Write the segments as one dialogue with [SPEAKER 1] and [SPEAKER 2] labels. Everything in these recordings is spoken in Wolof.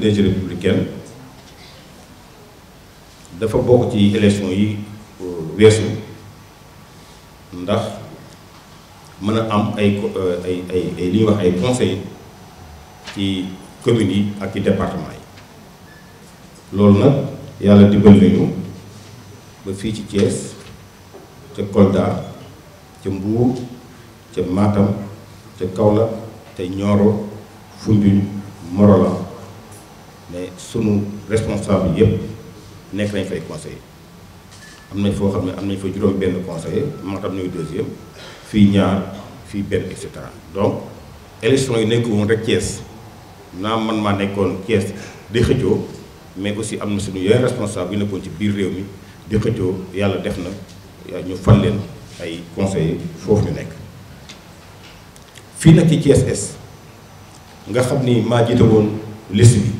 [SPEAKER 1] Fidèles républicaine dafa bokk ci élection yi euh, weesu ndax mën a am euh, ay ay ay li ñuy wax ay conseil ci communes yi ak ci département yi loolu nag yàlla dimbal nañu ba fii ci Thiès ca Kolda ca Mbour ca Matam ca Kaolack te Nioro Foundiougne Morolan mais sunu responsables yëpp nek lañ fay conseiller am nañ fo xamné am nañ fa juroom ben conseiller maa tam ñooy deuxième fi ñaar fi benn etc donc élection yi nek woon rek Thiès naa man ma nekkoon Thiès di xëjo mais aussi am na suñu yeneen responsable yu nekkoon ci biir réew mi di xëjo yalla def na ñu fal leen ay conseillers fofu ñu nekk fi nak ci Thiès nga xamni ma maa jiite liste bi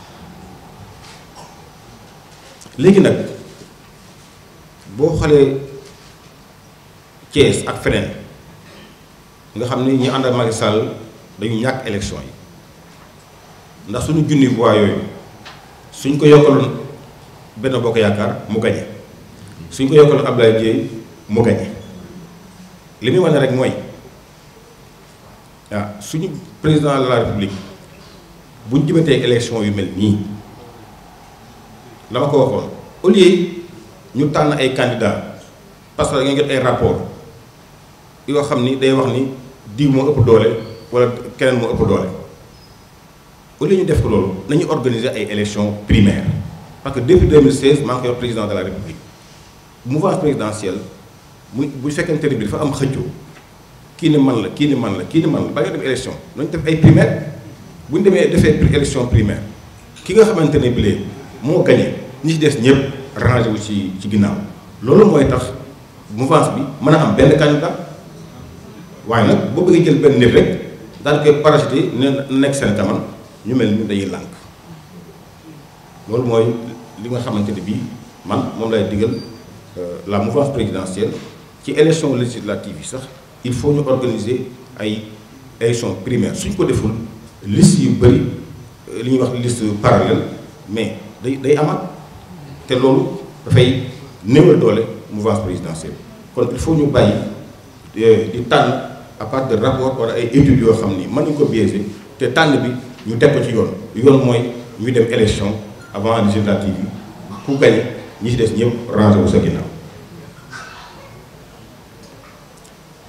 [SPEAKER 1] léegi nag boo xoolee Thiès ak feneen nga xam ni ñu ànd ak Macky dañu ñàkk élection yi ndax suñu junni voix yooyu suñ ko yokkaloon benn bokk yaakaar mu gañe suñ ko yokkaloon Abdoulaye Dieye mu gañe li muy wane rek mooy waaw ah, suñu président de la république buñ jëmatee élection yu mel nii Je encore, Au lieu, nous avons candidat, Parce que vous avez un rapport. Il va dire 10 mois pour le ou 15 mois pour le Au lieu de faire nous organisons une élection primaire. Parce que depuis 2016, nous suis le président de la République. Le mouvement présidentiel, vous faites un terrible, il faut que je qui ne manque, qui ne manque, qui ne manque, une élection. primaire. Vous avez fait une élection primaire. Qui a fait une élection primaire mo gagné ni ci dess ñep rangé wu ci ci ginnaaw lolu moy tax mouvance bi mëna am ben candidat waaye nag boo bëggee jël ben nit rek dal koy parachuté ne nekk seen ñu mel ni dañuy lank lolu moy li nga xamanteni bi man mom lay digal euh, la mouvance présidentielle ci élection législative yi sax il faut ñu organiser ay élection primaire suñ ko deful liste yu bari euh, li ñuy wax liste parallèle mais day day té lolu da fay néewal doole mouvance présidentielle kon il faut ñu bàyyi euh, di tan à part de rapport wala ay études yoo xam ni mën ko biaisé té tan bi ñu teg ko ci yoon yoon moy ñu dem élection avant législative yi ku gañ ñi ci des ñepp rangé wu sa ginnaaw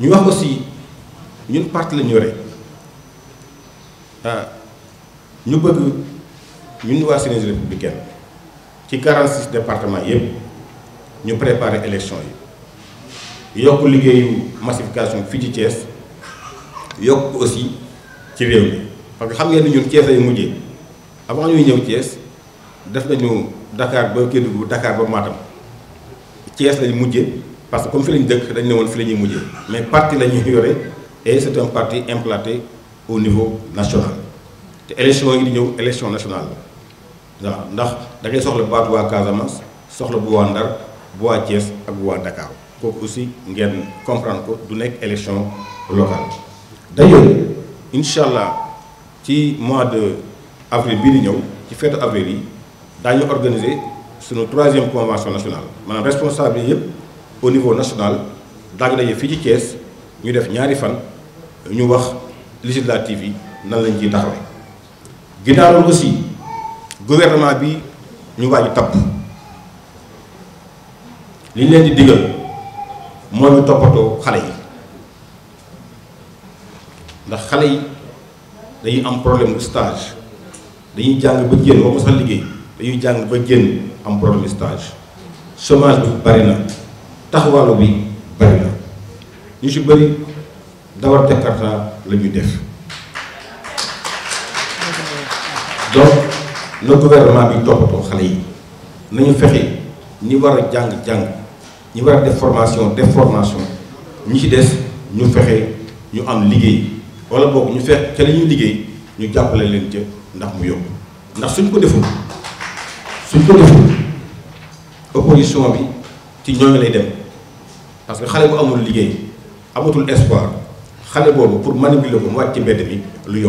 [SPEAKER 1] ñu wax aussi ñun parti la ñu ré yore ah, ñu bëgg ñun wa Sénégal républicaine ci 46 départements yëpp ñu préparer élection yi yokk liggéeyu massification fi ci Thiès yokk aussi ci réew mi parce que xam ngeen ni ñun Thiès ay mujjee avant ñuy ñëw Thiès def nañu Dakar ba Kédougou Dakar ba Matam Thiès lañu mujjee parce que comme fi lañu dëkk dañ ne woon fi lañuy ñuy mujjee mais parti la ñuy yore et c'est un parti implanté au niveau national te élection yi di ñëw élection nationale la ndax ndax da ngay soxla baatu waa Casamance soxla bu waa Ndar bu waa Thiès ak bu waa Dakar kooku aussi ngeen comprendre ko du nekk élection locale. d'ailleurs incha allah ci mois de avril bii di ñëw ci fête avril yi daañu organiser sunu troisième convention nationale maanaam responsable yi yëpp au niveau national daañu daje fii ci Thiès ñu def ñaari fan ñu wax législative yi nan lañ ci taxawee ginnaaw aussi. gouvernement bi ñu waaju tabb li ñu leen di digal moo ñu toppatoo xale yi ndax xale yi dañuy am problème stage dañuy jàng ba génn waxuma sax liggéey dañuy jàng ba génn am problème stage chômage bi bari na taxawaalu bi bari na ñu si bëri dawar jakarta la def le gouvernement bi toppatoo xalé yi nañu fexé ñi wara des formations, Nous def formation formation des ñu nous ñu am liggéey wala nous ñu nous ñu leen ndax mu ndax suñ ko suñ ko opposition bi lay dem parce que xalé bu amul Nous espoir pour manipuler le mu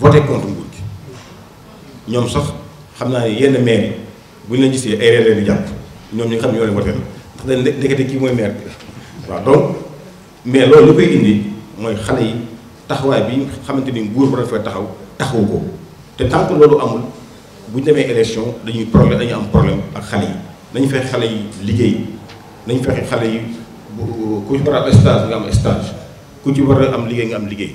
[SPEAKER 1] voté contre nguur gi ñoom sax xam naa ne yenn maire bu ñu leen gisee ay réer leen di jàpp ñoom ñi xam ñoo leen voté ndax dañ ndekete kii mooy maire bi waaw donc mais loolu li koy indi mooy xale yi taxawaay bi xamante ni nguur bu rafet taxaw taxawu ko te tant que loolu amul bu ñu demee élection dañuy problème dañuy am problème ak xale yi nañu fexe xale yi liggéey nañu fexe xale yi ku ci war a stage nga am stage ku ci war a am liggéey nga am liggéey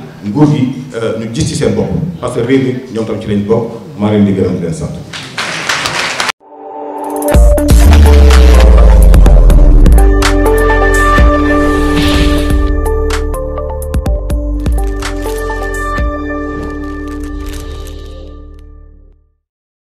[SPEAKER 1] nguur gi euh, ñu gis ci seen bopp parce que réew mi ñoom tam ci lañu bokk maa leen di gërëm di sant.